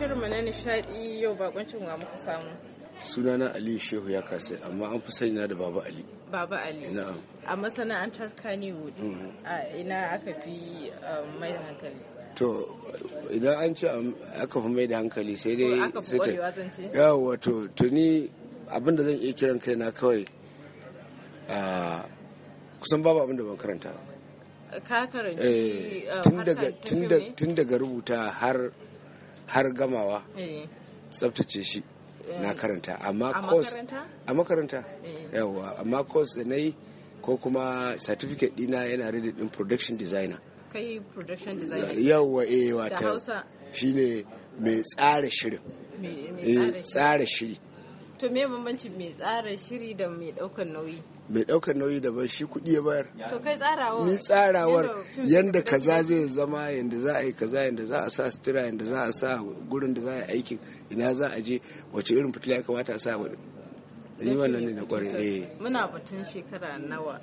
shirinmu na nishadi yau bakoncin wa muka samu. Sunana Ali Shehu ya kasai amma an fi sani na da Baba Ali. Baba Ali. Na'am. A masana'antar Kannywood. Mm-hmm. A ina aka fi um, mai da hankali. To idan an ce um, aka fi mai da hankali sai dai. Aka fi kwarewa zan ce. Yawa to tuni abin da zan iya kiran kaina kawai kusan babu abin da ban karanta. Ka karanci eh, uh, tun daga rubuta har har gamawa eh. tsabtace shi na eh. karanta a makaranta eh. yawa amma course da na yi ko kuma certificate dina yana rida din production designer kai production designer yawa eh wata shine mai tsara shirin mai tsara shiri to me bambanci mai tsara shiri da mai daukar nauyi mai daukar nauyi da ba shi kuɗi ya bayar to kai tsarawar ni tsarawar yanda kaza zai zama yanda za a yi kaza yanda za a sa sutura yanda za a sa gurin da za a yi aikin ina za a je wace irin fitila ya kamata a sa ni wannan ne na kwarin eh muna batun shekara nawa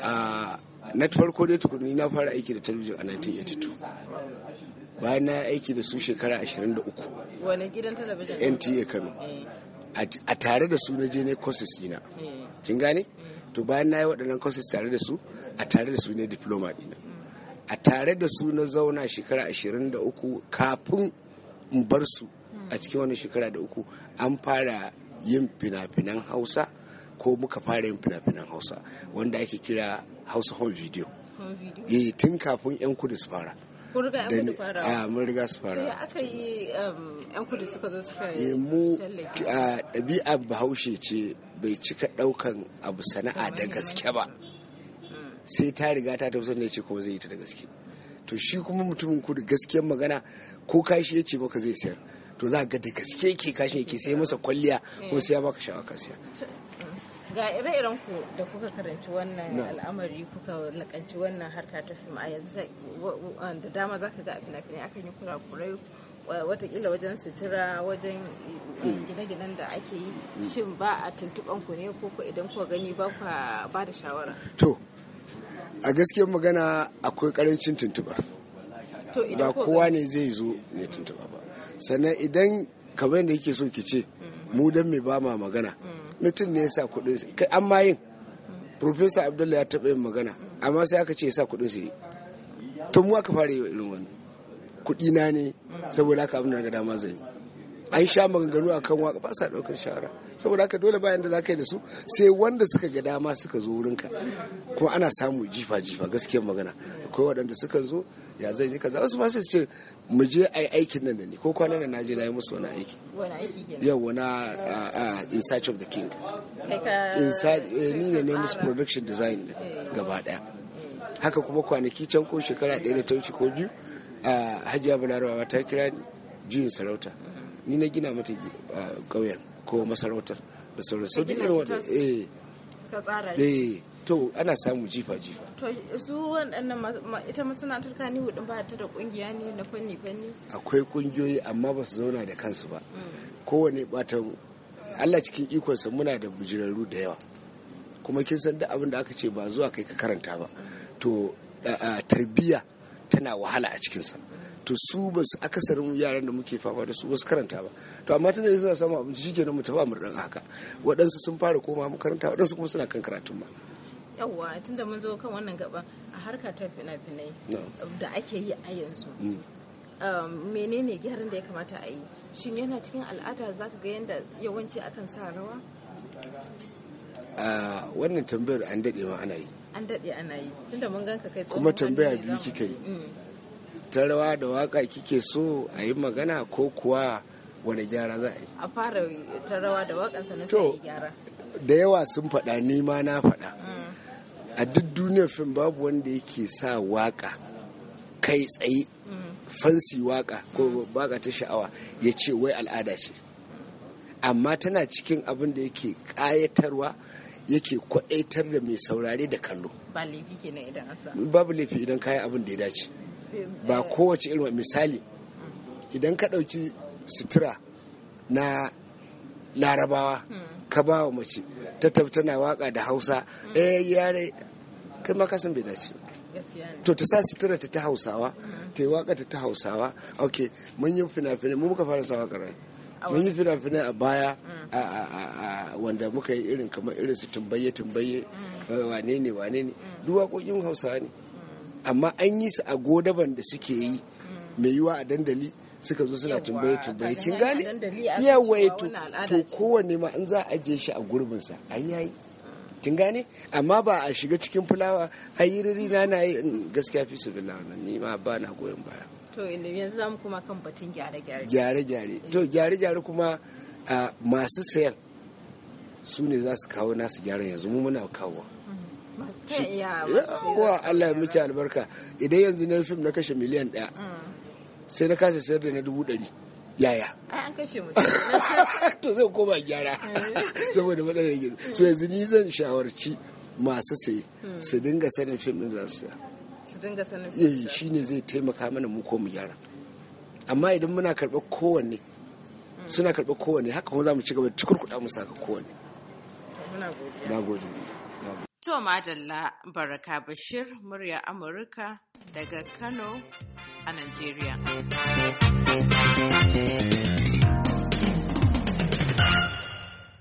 a na farko dai tukuni na fara aiki da talabijin a 1982 bayan na aiki da su shekara 23 wani gidan talabijin nta kano eh. a tare da su na je ne courses ina kin gane to bayan na yi waɗannan courses tare da su a tare da su ne diploma dina a tare da su na zauna shekara 23 kafin in bar su a cikin wani shekara da uku an fara yin fina-finan hausa ko muka fara yin fina-finan hausa wanda ake kira hausa home video eh, tun kafin 'yan kudu su fara da ah, mun riga su fara aka yi yan um, kudu suka zo suka yi eh, mu ɗabi'a bahaushe ce bai cika ɗaukan abu sana'a da gaske ba hmm. sai ta riga ta tafi ne ce kuma zai yi ta da gaske to shi kuma mutumin kudu gaskiyar magana ko kashi ya ce maka zai sayar to za ga da gaske yake kashi yake sai masa kwalliya ko eh. sai ya baka sha'awa ka siya hmm. ga ire-iren ku da kuka karanci wannan al'amari kuka lakanci wannan harka ta fim a yanzu da dama zaka ga a fina-finai akan yi kurakurai watakila wajen sutura wajen eh. gine-ginen da ake yi shin ba a tuntuban ku ne ko idan ku gani ba ku ba da shawara to a gaskiyar magana akwai karancin tuntubar ba kowa ne zai zo ya tuntuba ba sannan idan kamar yadda yake so ki ce mm. mu dan mai ba ma magana mm. mutum ne ya sa kuɗin kai an yin professor abdullahi ya taɓa yin magana amma sai aka ce ya sa kuɗin su to mu aka fara yi irin wani kuɗi na ne saboda haka abin da ga dama zai yi an sha maganganu akan waka ba sa daukar shara saboda haka dole bayan da za ka yi da su sai wanda suka ga dama suka zo wurinka kuma ana samu jifa jifa gaskiya magana akwai waɗanda suka zo ya zan yi kaza wasu ma su ce mu je ai aikin nan da ni ko kwanan nan naje na yi musu wani aiki wani aiki kenan in search of the king in search eh, ni ne ne musu production design eh. gaba daya eh. haka kuma kwanaki can ko shekara ɗaya da ta wuce ko biyu hajiya balarawa ta kira ni juyin sarauta ni na gina mata ƙauyen ko masarautar da sauran wanda eh ka tsara eh to ana samu jifa jifa to su waɗannan ita masana'antar kani hudun ba ta da kungiya ne na fanni fanni akwai kungiyoyi amma ba su zauna da kansu ba mm. kowane batan Allah cikin ikonsa muna da bujirarru da yawa kuma kin san da abin da aka ce ba zuwa kai ka karanta ba mm. to tarbiyya tana wahala a cikinsa to su ba su akasarin yaran da muke fama da su wasu karanta ba to amma tunda suna samu abinci shikenan mu tafi haka waɗansu sun fara koma makaranta waɗansu kuma suna kan karatun ma yawwa tunda mun zo kan wannan gaba a harka ta fina-finai da ake yi a yanzu mm. um, menene gyaran da ya kamata a yi shin yana cikin al'ada za zaka ga yanda yawanci akan sa rawa a wannan tambayar an daɗe ma ana yi an daɗe ana yi tunda mun ganka kai kuma tambaya biyu kika yi mm. ta rawa da waka kike so a yi magana ko kuwa wani gyara za a yi a fara ta rawa da wakan sannan sai gyara da yawa sun faɗa ni ma na faɗa mm. a duk duniyar fim babu wanda yake sa waka kai tsaye mm. fansi waka ko baka ta sha'awa ya ce wai al'ada ce amma tana cikin abin da yake ƙayatarwa yake kwaɗaitar da mai saurare da kallo babu laifi idan kayan abin da ya dace ba kowace irin misali idan ka ɗauki sutura na larabawa hmm. ka ba wa mace ta tana waka da hausa hmm. eh yare kai ma kasan bai dace to ta sa sutura ta ta hausawa hmm. ta yi waka ta ta hausawa ok mun fina-finai mun muka fara sa rai mun yi fina-finai a baya mm. wanda muka yi irin kamar irin su tumbaye tumbaye mm. eh, wane ne wane ne mm. duk waƙoƙin hausa ne amma an yi su a godaban da suke yi mai yiwa a dandali suka zo suna tumbaye tumbaye kin gane waye to kowanne ma an za a je shi a gurbinsa an yayi kin gane amma ba a shiga cikin fulawa ayi riri na na yi gaskiya fi su bi wannan ni ma ba na goyon baya to yanzu za mu kuma kan batun gyare-gyare gyare to eh. gyare-gyare kuma masu sayan su ne za su kawo nasu gyaran yanzu mu muna kawo kowa mm-hmm. Allah ya miki albarka idan yanzu na fim na kashe miliyan ɗaya mm. sai na kasa sayar da na dubu ɗari yaya an kashe to zai koma gyara eh. saboda matsalar yanzu so yanzu ni zan shawarci masu saye mm. su dinga sanin fim ɗin za su saya dinga sanin eh shine zai taimaka mana mu ko mu gyara amma idan muna karɓar kowanne hmm. suna karɓar kowanne haka kuma za mu ci gaba da tukurkuɗa musu haka kowanne muna godiya na gode to madalla baraka bashir murya amurka daga kano a najeriya